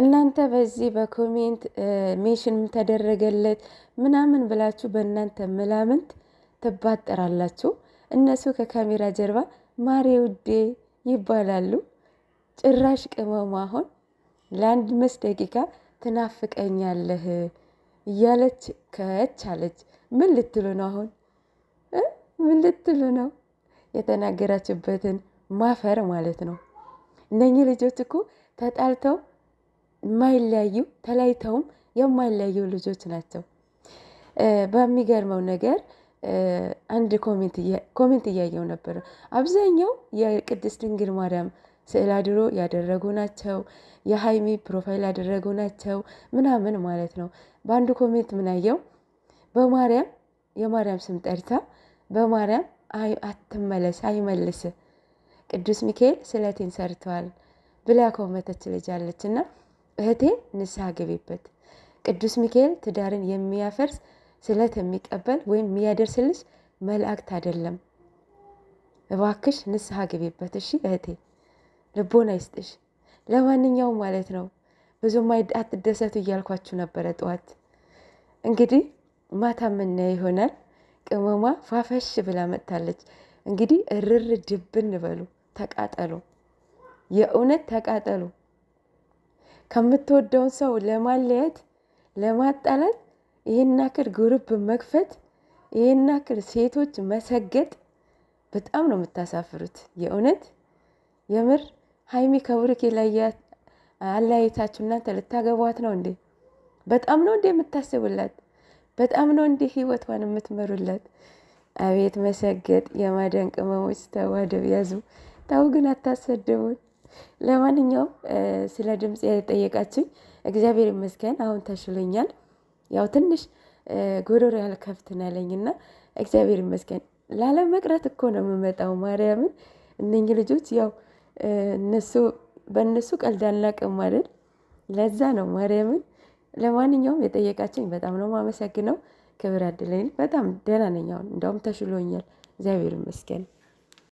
እናንተ በዚህ በኮሜንት ሜሽን ተደረገለት ምናምን ብላችሁ በእናንተ ምላምንት ትባጠራላችሁ። እነሱ ከካሜራ ጀርባ ማሬ ውዴ ይባላሉ። ጭራሽ ቅመሙ አሁን ለአንድ አምስት ደቂቃ ትናፍቀኛለህ እያለች ከች አለች። ምን ልትሉ ነው አሁን? ምን ልትሉ ነው? የተናገራችሁበትን ማፈር ማለት ነው። እነኚህ ልጆች እኮ ተጣልተው የማይለያዩ ተለያይተውም የማይለያዩ ልጆች ናቸው። በሚገርመው ነገር አንድ ኮሜንት እያየው ነበር። አብዛኛው የቅድስት ድንግል ማርያም ስዕል አድሮ ያደረጉ ናቸው፣ የሀይሚ ፕሮፋይል ያደረጉ ናቸው ምናምን ማለት ነው። በአንዱ ኮሜንት ምናየው በማርያም የማርያም ስም ጠርታ በማርያም አትመለስ አይመልስ ቅዱስ ሚካኤል ስለቴን ሰርተዋል ብላ ኮመተች አለች እና እህቴ ንስሐ ገቢበት። ቅዱስ ሚካኤል ትዳርን የሚያፈርስ ስለት የሚቀበል ወይም የሚያደርስልሽ መላእክት አይደለም። እባክሽ ንስሐ ገቢበት። እሺ እህቴ ልቦና ይስጥሽ። ለማንኛውም ማለት ነው ብዙም አትደሰቱ እያልኳችሁ ነበረ ጠዋት። እንግዲህ ማታ የምናየው ይሆናል። ቅመሟ ፋፈሽ ብላ መጥታለች። እንግዲህ እርር ድብን በሉ፣ ተቃጠሉ፣ የእውነት ተቃጠሉ። ከምትወደውን ሰው ለማለየት ለማጣላት ይህን ያክል ግሩፕ መክፈት፣ ይህን ያክል ሴቶች መሰገጥ በጣም ነው የምታሳፍሩት። የእውነት የምር ሀይሚ ከብሩኬ ላይ አለያየታችሁ። እናንተ ልታገቧት ነው እንዴ? በጣም ነው እንዴ የምታስቡላት? በጣም ነው እንዴ ህይወቷን የምትመሩላት? አቤት መሰገጥ! የማዳን ቅመሞች ተዋደብ ያዙ። ታው ግን አታሰደቡን። ለማንኛውም ስለ ድምፅ የጠየቃችኝ እግዚአብሔር ይመስገን አሁን ተሽሎኛል። ያው ትንሽ ጎዶር ያለ ከፍትን ያለኝና እግዚአብሔር ይመስገን ላለመቅረት እኮ ነው የምመጣው። ማርያምን እነኝ ልጆች ያው እነሱ በእነሱ ቀልድ አልናቅም አይደል? ለዛ ነው ማርያምን። ለማንኛውም የጠየቃችኝ በጣም ነው ማመሰግነው። ክብር አድለኝ። በጣም ደህና ነኝ አሁን፣ እንዳውም ተሽሎኛል። እግዚአብሔር ይመስገን።